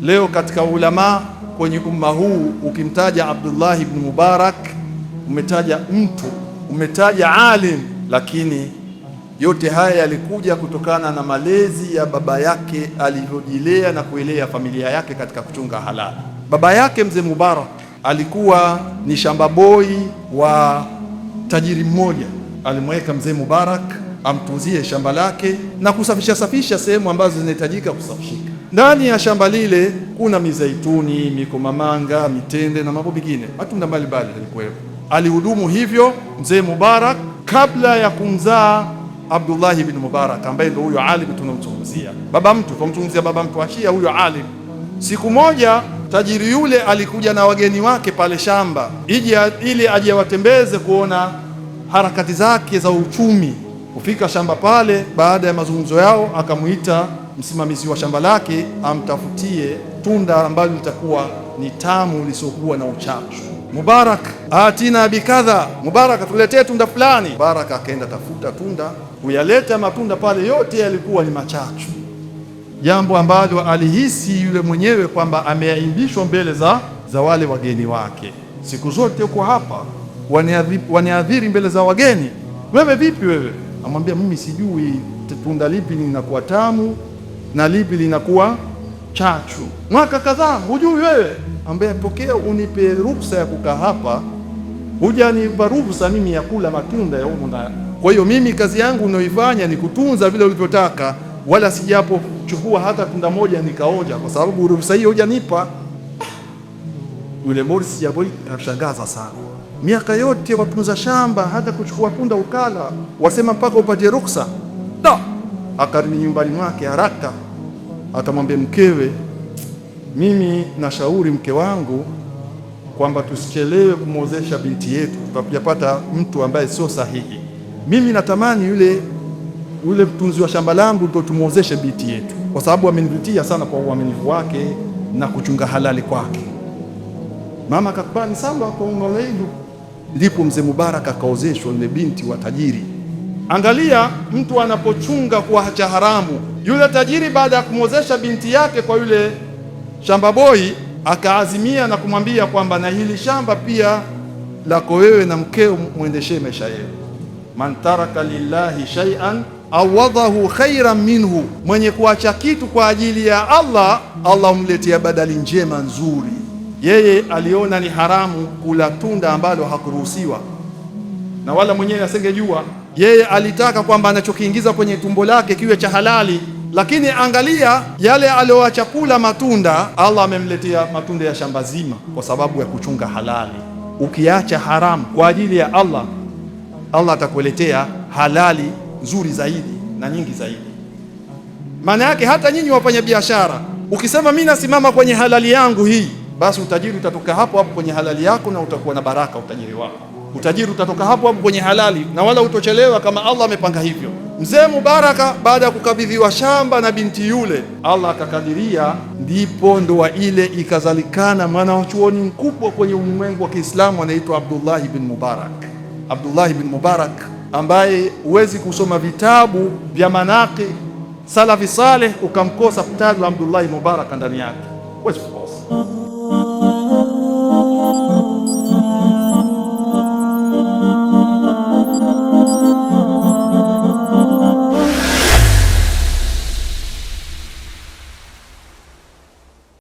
Leo katika ulamaa kwenye umma huu ukimtaja Abdullah ibn Mubarak umetaja mtu, umetaja alim, lakini yote haya yalikuja kutokana na malezi ya baba yake alivyojilea na kuelea familia yake katika kuchunga halali. Baba yake mzee Mubarak alikuwa ni shamba boi wa tajiri mmoja, alimweka mzee Mubarak amtunzie shamba lake na kusafisha safisha sehemu ambazo zinahitajika kusafishika ndani ya shamba lile kuna mizeituni, mikomamanga, mitende na mambo mengine, matunda mbalimbali yalikuwepo. Alihudumu hivyo mzee Mubarak kabla ya kumzaa Abdullah ibn Mubarak, ambaye ndio huyo alim tunamzungumzia, baba mtu, tunamzungumzia baba mtu wa Shia, huyo alim. Siku moja tajiri yule alikuja na wageni wake pale shamba ili, ili ajewatembeze kuona harakati zake za uchumi. Kufika shamba pale, baada ya mazungumzo yao, akamwita msimamizi wa shamba lake amtafutie tunda ambalo litakuwa ni tamu lisiokuwa na uchachu. Mubarak atina bikadha, Mubarak atuletee tunda fulani. Mubarak akaenda tafuta tunda, kuyaleta matunda pale yote yalikuwa ni machachu, jambo ambalo alihisi yule mwenyewe kwamba ameaibishwa mbele za, za wale wageni wake. Siku zote uko hapa waniadhiri mbele za wageni, wewe vipi wewe? Amwambia mimi sijui tunda lipi linakuwa tamu na lipi linakuwa chachu. Mwaka kadhaa hujui wewe, ambaye pokea unipe ruhusa ya kukaa hapa, hujanipa ruhusa mimi ya kula matunda ya humu ndani. Kwa hiyo mimi kazi yangu ninayoifanya ni kutunza vile ulivyotaka, wala sijapo chukua hata tunda moja nikaoja, kwa sababu ruhusa hiyo hujanipa. Yule Morris Jaboy anashangaza sana, miaka yote watunza shamba hata kuchukua tunda ukala, wasema mpaka upate ruhusa akarudi nyumbani mwake haraka, akamwambia mkewe, mimi nashauri mke wangu kwamba tusichelewe kumwozesha binti yetu, tutakujapata mtu ambaye sio sahihi. Mimi natamani yule yule mtunzi wa shamba langu ndio tumwozeshe binti yetu, kwa sababu amenivutia sana kwa uaminifu wake na kuchunga halali kwake. Mama akakubali, sawa, kwa ngolaidu. Ndipo mzee Mubarak akaozeshwa ile binti wa tajiri. Angalia mtu anapochunga kuacha haramu. Yule tajiri baada ya kumwozesha binti yake kwa yule shamba boi, akaazimia na kumwambia kwamba na hili shamba pia lako wewe na mkeo, mwendeshee maisha yenu. Man taraka lillahi shay'an awadahu khairan minhu, mwenye kuacha kitu kwa ajili ya Allah, Allah humletea badali njema nzuri. Yeye aliona ni haramu kula tunda ambalo hakuruhusiwa na wala mwenyewe asengejua yeye alitaka kwamba anachokiingiza kwenye tumbo lake kiwe cha halali, lakini angalia yale aliyoacha matunda. Allah amemletea matunda ya shamba zima kwa sababu ya kuchunga halali. Ukiacha haramu kwa ajili ya Allah, Allah atakuletea halali nzuri zaidi na nyingi zaidi. Maana yake hata nyinyi wafanya biashara, ukisema mimi nasimama kwenye halali yangu hii, basi utajiri utatoka hapo hapo kwenye halali yako, na utakuwa na baraka utajiri wako. Utajiri utatoka hapo hapo kwenye halali na wala utochelewa, kama Allah amepanga hivyo. Mzee Mubaraka baada ya kukabidhiwa shamba na binti yule, Allah akakadiria, ndipo ndoa ile ikazalikana wachuoni mkubwa kwenye ulimwengu wa Kiislamu anaitwa Abdullah ibn Mubarak. Abdullah ibn Mubarak ambaye huwezi kusoma vitabu vya manaki salafi saleh ukamkosa mtaji wa Abdullah Mubarak ndani yake.